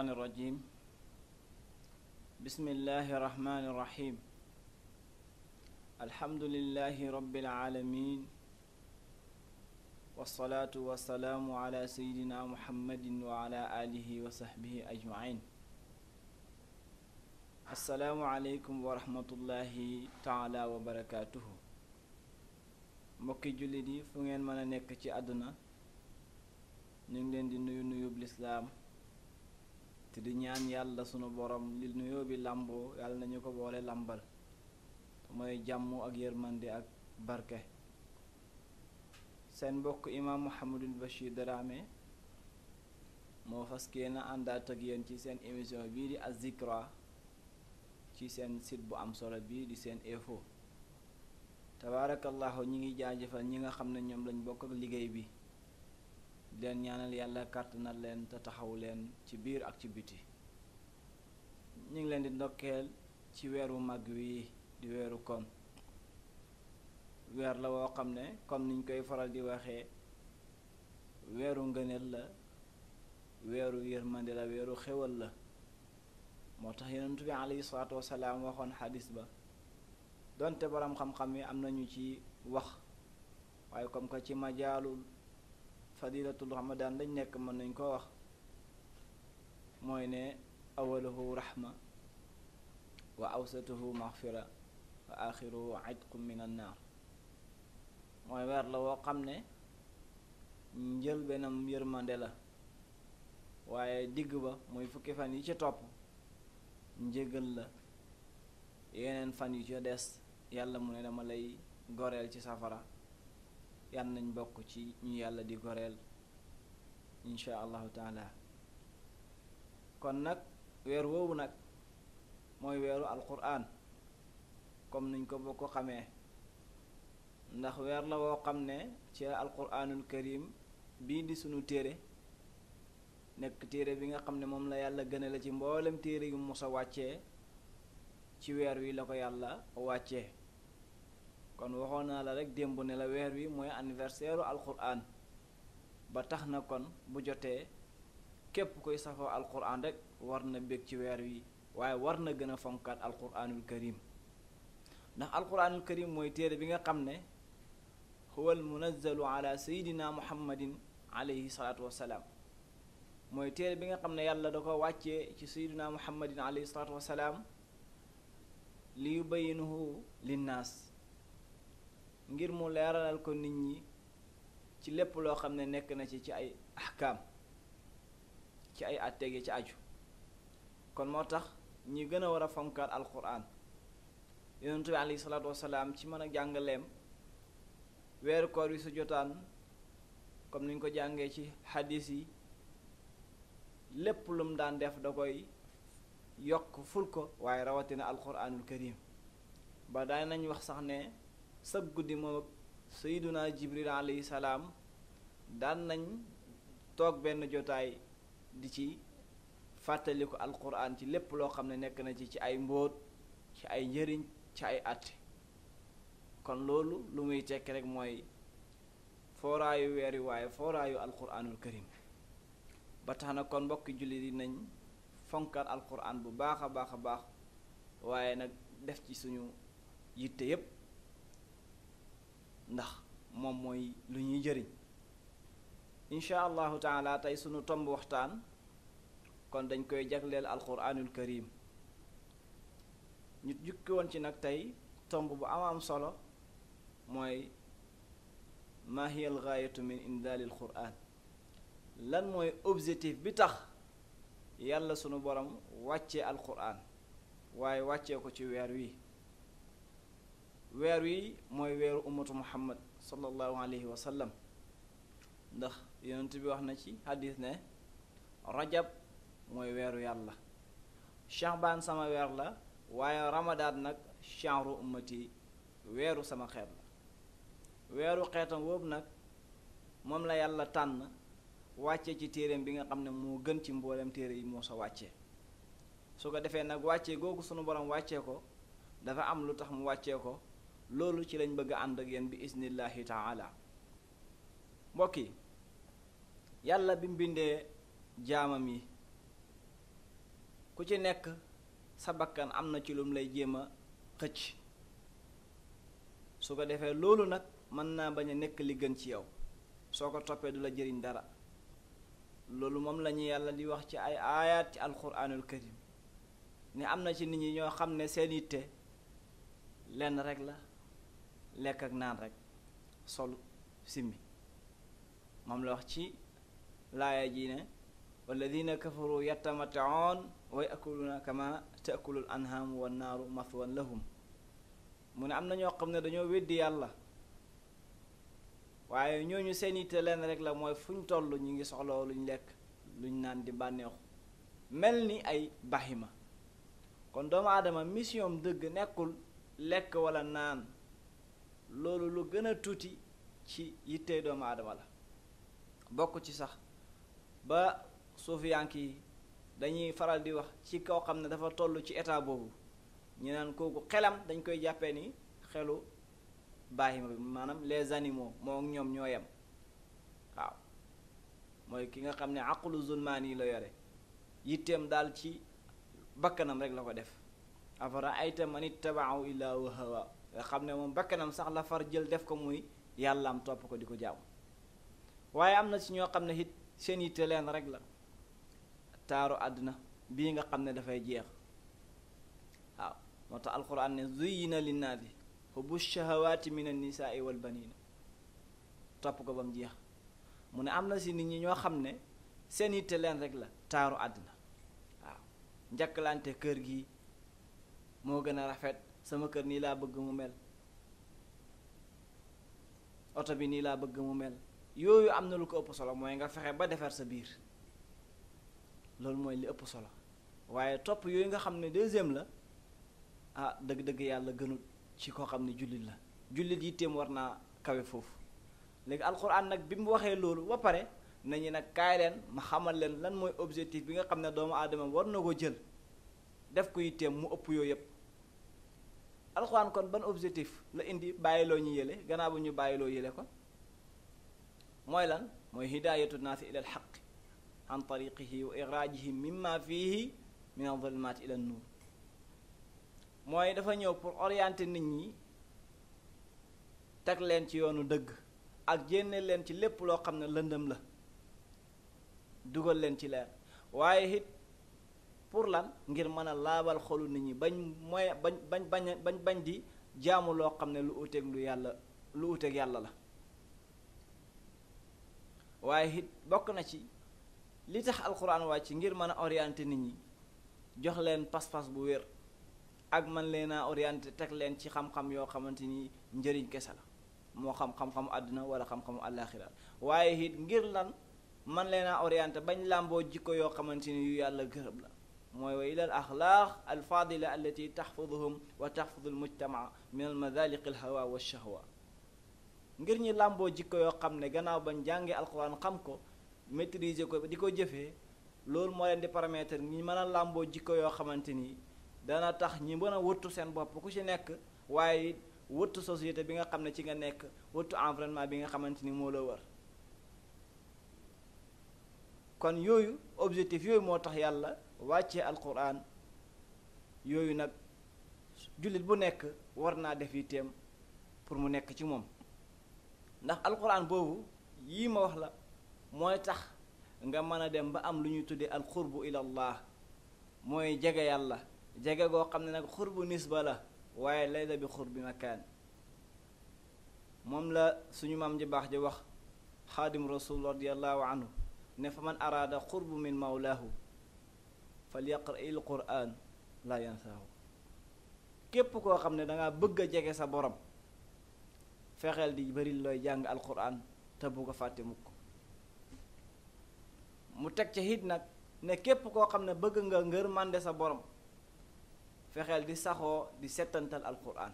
الشيطان الرجيم بسم الله الرحمن الرحيم الحمد لله رب العالمين والصلاة والسلام على سيدنا محمد وعلى آله وصحبه أجمعين السلام عليكم ورحمة الله تعالى وبركاته mbokki jullit yi fu ngeen mën a nekk ci àdduna ñu ngi leen di nuyu nuyub lislaam te di ñaan yàlla sunu boroom li nuyoo bi làmboo yàlla nañu ko boole làmbal mooy jàmm ak yërmande ak barke seen mbokk imaam Mouhamadul Bachir Darame moo fas kee na àndaat ak yéen ci seen émission bii di Azikra ci seen sit bu am solo bii di seen info tabaarakallahu ñi ngi jaajëfal ñi nga xam ne ñoom lañ bokk ak liggéey bi di leen ñaanal yàlla na leen te taxaw leen ci biir ak ci biti ñu ngi leen di ndokkeel ci weeru mag wi di weeru kon weer la woo xam ne comme niñ koy faral di waxee weeru ngëneel la weeru yërmande la weeru xéwal la moo tax yonent bi alayhi salaatu waxoon xadis ba donte boroom xam-xam yi am nañu ci wax waaye comme que ci majaalul fadilatul ramadaan lañ nekk mën nañ koo wax mooy ne awaluhu raxma wa awsatuhu maxfira wa axiruhu ajqu min mooy weer la woo xam ne njël benam yërmande la waaye digg ba muy fukki fan yi ci topp njëgal la yeneen fan yu ci des yàlla mu ne dama lay goreel ci safara yàlla nañ bokk ci ñu yàlla di goreel insha allahu taala kon nag weer woowu nag mooy weeru alquran comme niñ ko bokk xamee ndax weer la woo xam ne ci alquranul karim bii di sunu téere nekk téere bi nga xam ne moom la yàlla gëna la ci mboolem téere yu musa wàccee ci weer wi la ko yàlla wàccee kon waxoon naa la rek démb ne la weer wi mooy anniversaire alquran ba tax na kon bu jotee képp koy safoo alquran rek war na bég ci weer wi waaye war na gën a fonkaat alquranul karim ndax alquranul karim mooy téere bi nga xam ne huwa al munazzalu ala sayidina muhammadin alayhi salaatu wasalaam mooy téere bi nga xam ne yàlla da ko wàccee ci sayidina muhammadin alayhi salaatu wasalaam li yubayyinuhu linnaas ngir mu leeralal ko nit ñi ci lépp loo xam ne nekk na ci ci ay ahkaam ci ay àtteeg yi ci aju kon moo tax ñi gën a war a fonkaat alquran yonent bi alayhi salaatu wasalaam ci mën a jàngaleem weeru koor yi su jotaan comme ni ko jàngee ci xadis yi lépp lu daan def da koy yokk ful ko waaye rawatina alquranul karim ba daan nañ wax sax ne sab guddi moom ak sayyiduna jibril alayhi salaam daan nañ toog benn jotaay di ci fàttaliku alquran ci lépp loo xam ne nekk na ci ci ay mbóot ci ay njëriñ ci ay àtte kon loolu lu muy tekki rek mooy fooraayu weer wi waaye fooraayu alquranul karim ba tax na kon mbokki jullit yi nañ fonkal alquran bu baax a baax a baax waaye nag def ci suñu yitte yépp ndax moom mooy lu ñuy jëriñ incha allahu taala tey sunu tomb waxtaan kon dañ koy jagleel alquranul karim ñu jukki woon ci nag tey tomb bu am am solo mooy ma hiya al gaayatu min indaalil lan mooy objectif bi tax yàlla sunu borom wàccee alquran waaye wàcce ko ci weer wi weer wi mooy weeru ummatu muhammad sallallahu alayhi wa sallam ndax yonent bi wax na ci hadis ne rajab mooy weeru yàlla shahbaan sama weer la waaye ramadaan nag shahru ummati weeru sama xeet la weeru xeetam woobu nag moom la yàlla tànn wàcce ci téereem bi nga xam ne moo gën ci mboolem téere yi moo sa wàcce su ko defee nag wàccee googu sunu borom wàccee ko dafa am lu tax mu wàcce ko loolu ci lañ bëgg ànd ak yéen bi isnillahi taala mbokk yi yàlla bi mbindee jaamam yi ku ci nekk sa bakkan am na ci lum lay jéem a xëcc su ko defee loolu nag mën naa bañ a nekk li gën ci yow soo ko toppee du la jëriñ dara loolu moom lañu yàlla di wax ci ay aayaat ci alquranul karim ne am na ci nit ñi ñoo xam ne seen yitte lenn rekk la lekk ak naan rek sol simmi moom la wax ci laaya ji ne walladina kafaru yatamataoon wa yakuluuna kama takulul anhaamu wa naaru mathwan lahum mu ne am na ñoo xam ne dañoo weddi yàlla waaye ñooñu seen yitte leen rek la mooy fuñ toll ñu ngi soxla luñ lekk luñ naan di bànneexu mel ni ay bahima kon doomu aadama mission dëgg nekkul lekk walla naan loolu lu gën a tuuti ci yittey doomu aadama la bokk ci sax ba suufiyank yi dañuy faral di wax ci kaw xam ne dafa toll ci état boobu ñu naan kooku xelam dañ koy jàppee ni xelu baahima bi maanaam les animaux moo ñoom ñoo yam waaw mooy ki nga xam ne aqlu zulmaan yi la yore yitteem daal ci bakkanam rek la ko def afara ayta man ittabaahu illaa hawa nga xam ne moom bakkanam sax la far jël def ko muy yàllaam topp ko di ko jaamu waaye am na ci ñoo xam ne it seen yitte rek la taaru àdduna bii nga xam ne dafay jeex waaw moo tax alquran ne zuyyina linnaasi hubbu shahawaati min annisaai wal banina topp ko ba jeex mu ne am na si nit ñi ñoo xam ne seen yitte leen rek la taaru àddina waaw njëkkalante kër gi moo gën a rafet sama kër nii laa bëgg mu mel oto bi nii laa bëgg mu mel yooyu am na lu ko ëpp solo mooy nga fexe ba defar sa biir loolu mooy li ëpp solo waaye topp yooyu nga xam ne deuxième la ah dëgg-dëgg yàlla gënul ci koo xam ne jullit la jullit yitteem war naa kawe foofu léegi alxuraan nag bi mu waxee loolu ba pare nañu nag kaay leen ma xamal leen lan mooy objectif bi nga xam ne doomu aadama war na ko jël def ko yitteem mu ëpp yooyu yëpp alxuraan kon ban objectif la indi bàyyiloo ñu yële gannaaw ñu bàyyiloo yële kon mooy lan mooy hidaayatu naasi ila alxaq an tariqihi wa iraajihim mimma fiihi min adulmaat ila nuur mooy dafa ñëw pour orienter nit ñi teg leen ci yoonu dëgg ak jénne leen ci lépp loo xam ne lëndëm la dugal leen ci leer waaye it pour lan ngir mën a laabal xolu nit ñi bañ mooy bañ bañ bañ bañ bañ di jaamu loo xam ne lu uteeg lu yàlla lu uteeg yàlla la waaye it bokk na ci li tax alxuraan wàcc ngir mën a orienté nit ñi jox leen pas-pas bu wér ak man leen a teg leen ci xam-xam yoo xamante ni njëriñ kese la moo xam xam-xamu àdduna wala xam-xamu àllaaxira waaye it ngir lan man leen a orienté bañ làmboo jikko yoo xamante ni yu yàlla gërëb la mooy wa ila al axlaaq alfaadila allati taxfiduhum wa taxfidu almujtamaa min almadaliqi alhawa wa shahwa ngir ñi làmboo jikko yoo xam ne gannaaw bañ jàngee alquran xam ko maîtriser ko di ko jëfee loolu moo leen di permettre ñi mën a làmboo jikko yoo xamante ni dana tax ñi mën a wëttu seen bopp ku ci nekk waaye wëttu société bi nga xam ne ci nga nekk wëttu environnement bi nga xamante ni moo la wër kon yooyu objectif yooyu moo tax yàlla wàccee alquran yooyu nag jullit bu nekk war naa def yitteem pour mu nekk ci moom ndax alquran boobu yii ma wax la mooy tax nga mën a dem ba am lu ñuy tuddee alqurbu ilallah mooy jege yàlla jege goo xam ne nag xurbu nisba la waaye laysa bi xurbi makaan moom la suñu maam ji baax ji wax xaadim rasul radiallahu anhu ne fa man araada xurbu min mawlaahu fal yaqra'il quraan la yansaahu képp koo xam ne danga bëgg a jege sa borom fexeel di bari looy jàng alquran te bu ko fàtte mukk mu teg ca hit nag ne képp koo xam ne bëgg nga ngër mànde sa borom fexeel di saxoo di setantal settantal alquran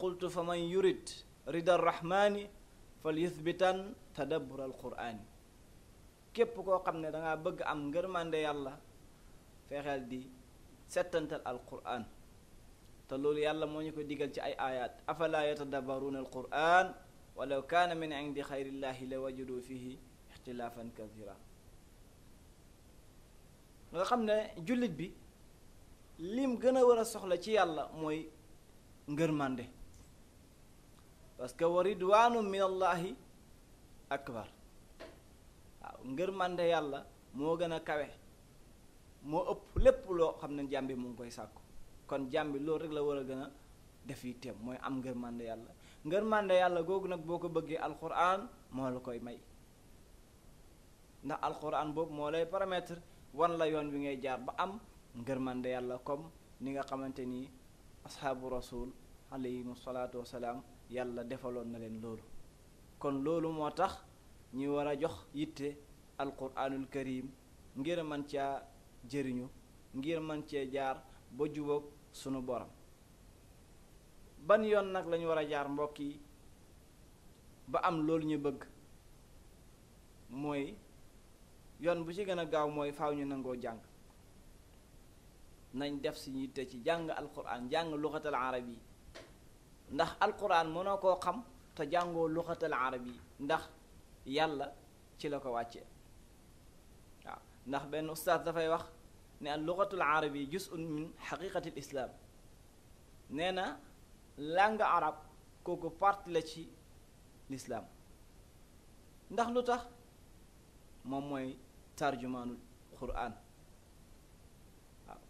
qultu fa man yurid rida rahmaani fal yuthbitan tadabbur al quraan képp koo xam ne danga bëgg am ngërmande yàlla fexeel di setantal al quraan te loolu yàlla moo ñu ko diggal ci ay aayaat afalaa yatadabbaruuna al quraan walaw kaana min indi xayrillaahi la wajadu fihi ixtilaafan kathira nga xam ne jullit bi lim gën a war a soxla ci yàlla mooy ngërmànde parce que wa ridwaanum minallaahi akbar waaw ngërmande yàlla moo gën a kawe moo ëpp lépp loo xam ne jàmbi mu ngi koy sàkku kon jàmbi loolu rek la war a gën a def yitteem mooy am ngërmande yàlla ngërmande yàlla googu nag boo ko bëggee alquran moo la koy may ndax alquran boobu moo lay paramètre wan la yoon wi ngay jaar ba am ngërmande yàlla comme ni nga xamante ni ashaabu rasul alayhim salaatu wasalaam yàlla defaloon na leen loolu kon loolu moo tax ñuy war a jox yitte alquranul karim ngir man caa jëriñu ngir man cee jaar ba jubóog sunu borom ban yoon nag lañu war a jaar mbokk yi ba am loolu ñu bëgg mooy yoon bu ci gën a gaaw mooy faw ñu nangoo jàng nañ def suñu yitte ci jàng alquran jàng luxatal arab yi ndax alquran mënoo koo xam te jàngoo luxatal arab yi ndax yàlla ci la ko wàccee waaw ndax benn ustaas dafay wax ne al luxatul arab yi jusun min xaqiqatil islaam nee na langue arab kooku la ci lislaam ndax lu tax moom mooy tarjumaanul quran waaw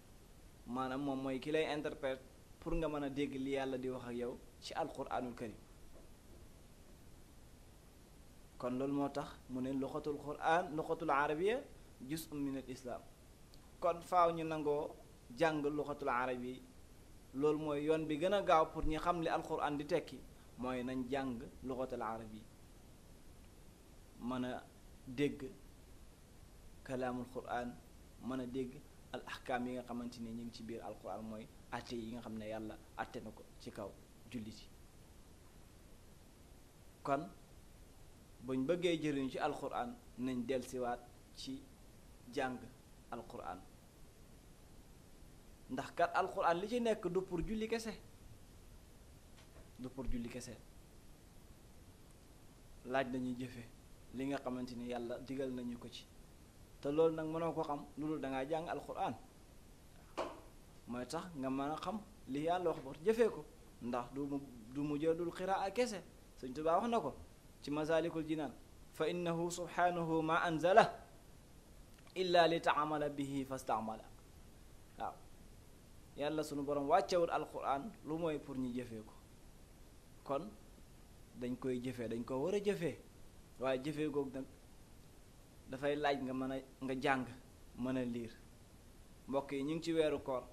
maanaam moom mooy ki lay interprète pour nga mën a dégg li yàlla di wax ak yow ci alquranul karim kon loolu moo tax mu ne luxatul quran luxatul arabiya juz'un min al islam kon faw ñu nangoo jàng luxatul arabiya loolu mooy yoon bi gën a gaaw pour ñi xam li alquran di tekki mooy nañ jàng luxatul arabiya mën a dégg kalaamul quran mën a dégg al ahkaam yi nga xamante ni ñu ngi ci biir alquran mooy atte yi nga xam ne yàlla atte na ko ci kaw jullit yi kon buñ bëggee jëriñu ci alquran nañ delsiwaat ci jàng alquran ndax kat alquran li ci nekk du pour julli kese du pour julli kese laaj nañu jëfe li nga xamante ni yàlla digal nañu ko ci te loolu nag mënoo ko xam loolu dangaa jàng alquran mooy tax nga mën a xam li yàlla wax ba jëfee ko ndax du mu du mu jëlul qiraa kese sëñ Tuubaa wax na ko ci masaalikul jinaan fa innahu subhanahu ma anzala illa li taamala bihi fastaamala waaw yàlla sunu borom wàccewul alquran lu mooy pour ñu jëfee ko kon dañ koy jëfe dañ ko war a jëfee waaye jëfe googu nag dafay laaj nga mën a nga jàng mën a liir mbokk yi ñu ngi ci weeru koor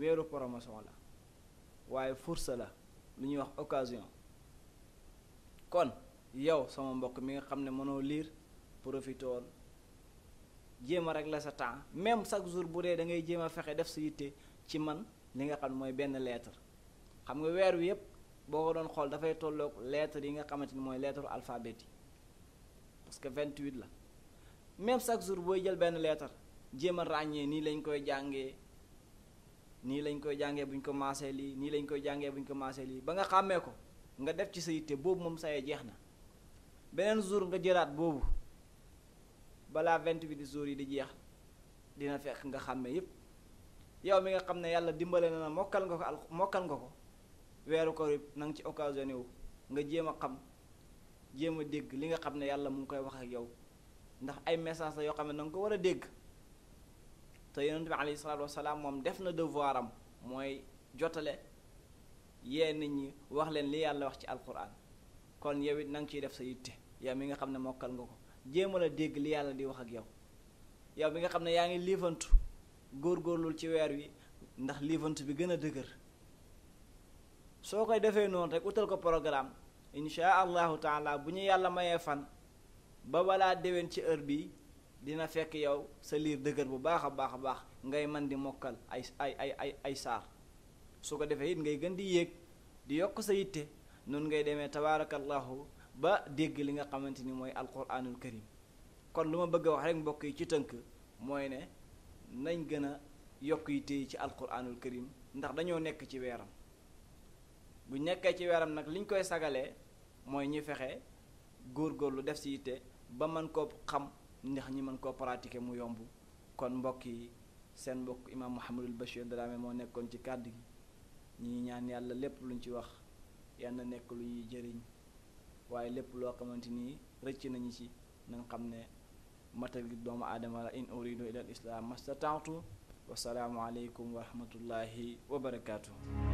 weeru promotion la waaye fursa la lu ñuy wax occasion kon yow sama mbokk mi nga xam ne mënoo liir profitool jéem a rek la sa temps même chaque jour bu dee da ngay jéem a fexe def sa yitte ci man li nga xam ne mooy benn lettre xam nga weer wi yépp boo ko doon xool dafay tolloog lettres yi nga xamante ni mooy lettre alphabet yi parce que 28 la même chaque jour booy jël benn lettre jéem a ràññee nii lañ koy jàngee nii lañ koy jàngee buñ ko maasee lii nii lañ koy jàngee buñ ko maasee lii ba nga xàmmee ko nga def ci sa yitte boobu moom sayee jeex na beneen jour nga jëraat boobu balaa vingt-huit jours yi di jeex dina fekk nga xàmmee yépp yow mi nga xam ne yàlla dimbale na na mokkal nga ko al mokkal nga ko weeru ko na nga ci occasionné wu nga jéem a xam jéem a dégg li nga xam ne yàlla mu ngi koy wax ak yow ndax ay message la yoo xam ne na nga ko war a dégg te yonent bi alayhi salaatu wasalaam moom def na devoir am mooy jottale yee nit ñi wax leen li yàlla wax ci alquran kon yow it nang nga def sa yitte yow mi nga xam ne mokkal nga ko jéemal a dégg li yàlla di wax ak yow yow mi nga xam ne yaa ngi liifantu góorgóorlul ci weer wi ndax liifantu bi gën a dëgër soo koy defee noonu rek utal ko programme inchaa allahu taala bu ñu yàlla mayee fan ba balaa déwén ci heure bii dina fekk yow sa liir dëgër bu baax a baax a baax ngay man di mokkal ay ay ay ay ay saar su ko defee it ngay gën di yéeg di yokk sa yitte noonu ngay demee tabaarakallahu ba dégg li nga xamante ni mooy alquranul karim kon lu ma bëgg a wax rek mbokk yi ci tënk mooy ne nañ gën a yokk yitte yi ci alquranul karim ndax dañoo nekk ci weeram bu nekkee ci weeram nag liñ koy sagalee mooy ñu fexe góor góorgóorlu def si yitte ba mën koo xam ndax ñi man koo pratiquer mu yomb kon mbokk yi seen mbokk imaam Mouhamadul Bachir Dramé moo nekkoon ci kàddu gi ñi ñaan yàlla lépp luñ ci wax yal nekk lu ñuy jëriñ waaye lépp loo xamante ni rëcc nañu ci nañ xam ne matal gi doomu aadama la in uridu ila al islam mastata'tu wasalaamu aleykum wa rahmatullahi